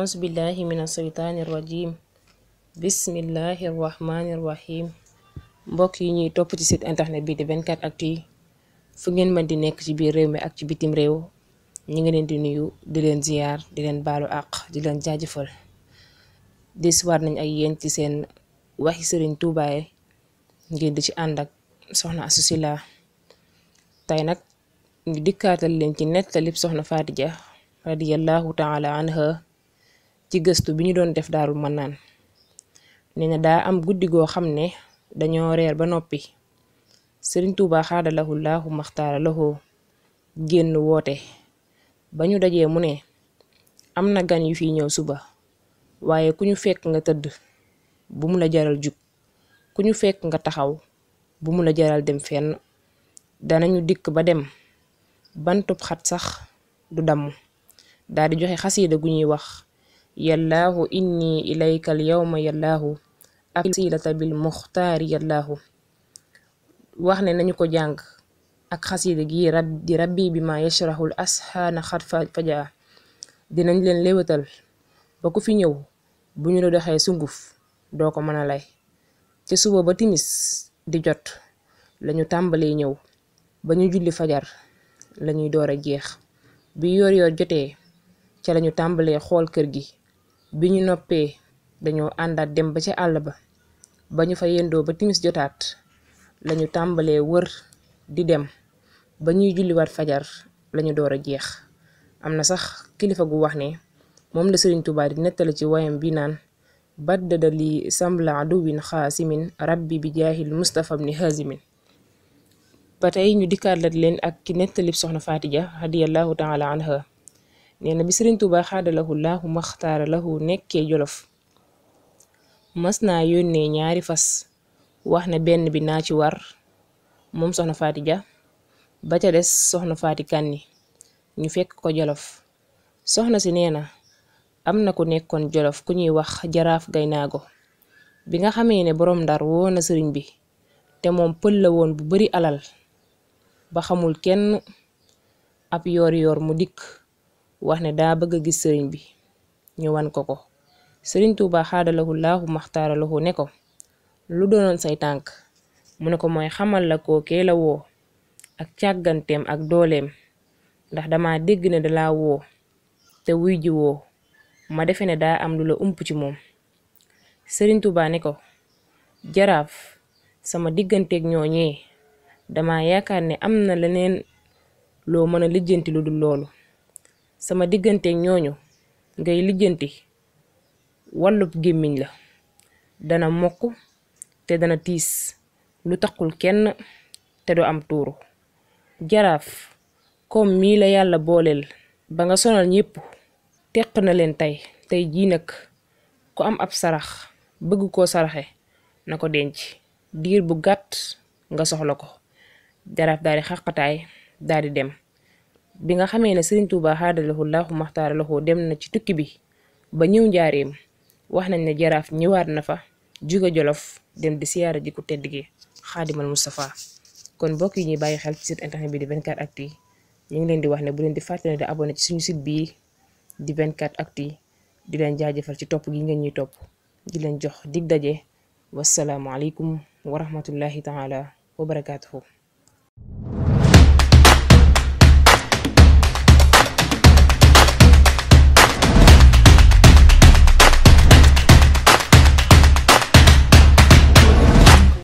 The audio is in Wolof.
أعوذ بالله من الشيطان الرجيم بسم الله الرحمن الرحيم mbokk yi ñuy topp ci site internet bi di 24 actu yi fu ngeen mën di nekk ci biir réew mi ak ci bitim réew ñu ngi leen di nuyu di leen ziyaar di leen baalu àq di leen jaajëfal desiwaat nañ ak yéen ci seen waxi sëriñ tuubaay yi di ci ànd ak soxna Astou Sylla tey nag ñu dikkaatal leen ci nettalib soxna Faty Dia radiyallahu taala anha ci gëstu bi ñu doon def daarul mannaan nee na daa am guddi goo xam ne dañoo reer ba noppi sëriñ tuubaa xaada lahu laahu maxtaara lahu génn woote ba ñu dajee mu ne am na gan yu fi ñëw suba waaye ku ñu fekk nga tëdd bu mu la jaral jug ku ñu fekk nga taxaw bu mu la jaral dem fenn danañu dikk ba dem bantub xat sax du damm daa di joxe xasiida gu ñuy wax yallaahu inni ilayka alyawma yallaahu ak silata bil muxtaari yallaahu wax ne nañu ko jàng ak xasida gi rab di rabbi bi ma yashrahul asxaana xat fajaa dinañ leen léwatal ba ku fi ñëw bu ñu la doxee sunguf doo ko mën a lay te suba ba timis di jot lañu tàmbalee ñëw ba ñu julli fajar lañuy door a jeex bi yoor yoor jotee ca lañu tàmbalee xool kër gi bi ñu noppee dañoo àndaat dem ba ca àll ba ba ñu fa yendoo ba timis jotaat lañu tàmbalee wër di dem ba ñuy julliwaat fajar lañu door a jeex am na sax kilifa gu wax ne moom la sëriñ Tuubaa di nettali ci wayam bi naan baddada li sambla aduwin xaasimin rabbi bi jaahil mustafa bni haasimin ba tey ñu dikkaatlat leen ak ki nettalib soxna Faatija radiyallahu taala anha nee na bi sëriñ Tuubaa xaadalahu laahu maxtaara lahu nekke jolof mas naa yónnee ñaari fas wax na benn bi naa ci war moom soxna faati ja ba ca des soxna faati kànni ñu fekk ko jolof soxna si nee na am na ku nekkoon jolof ku ñuy wax jaraaf gay naa gaynaago bi nga xamee ne boroom ndar woo na sëriñ bi te moom pël la woon bu bari alal ba xamul kenn ab yoor yoor mu dikk wax ne daa bëgg a gis sëriñ bi ñu wan ko ko sëriñ Tuuba xaadalahu laahu maxtaaralahu ne ko lu doonoon say tànk mu ne ko mooy xamal la kookee la woo ak càgganteem ak dooleem ndax dama dégg ne dala woo te wuy ji woo ma defe ne daa am lu la ump ci moom sëriñ Tuuba ne ko jaraaf sama digganteeg ñooñee dama yaakaar ne am na leneen loo mën a lijjanti lu dul loolu sama diggante ñooñu ngay lijjanti wàllub gémmiñ la dana mokk te dana tiis lu taxul kenn te du am tuuru jaraaf comme mii la yàlla booleel ba nga sonal ñépp teq na leen tey tey jii nag ku am ab sarax bëgg koo saraxe na ko denc diir bu gàtt nga soxla ko jaraaf daal di xàqataay daal dem bi nga xamee ne Serigne Touba xaadalahu laahu maxtaara lahu dem na ci tukki bi ba ñëw njaareem wax nañ ne jaraaf ñëwaat na fa jóge jolof dem di siyaar ji ku tedd gi xaadimal Moustapha kon mbokk yi ñuy bàyyi xel ci site internet bi di 24 actu yi ñu ngi leen di wax ne bu leen di fàttali di abonné ci suñu site bii di 24 actu yi di leen jaajëfal ci topp gi ngeen ñuy topp di leen jox dig daje wasalaamualeykum wa rahmatullahi taala wa barakaatuhu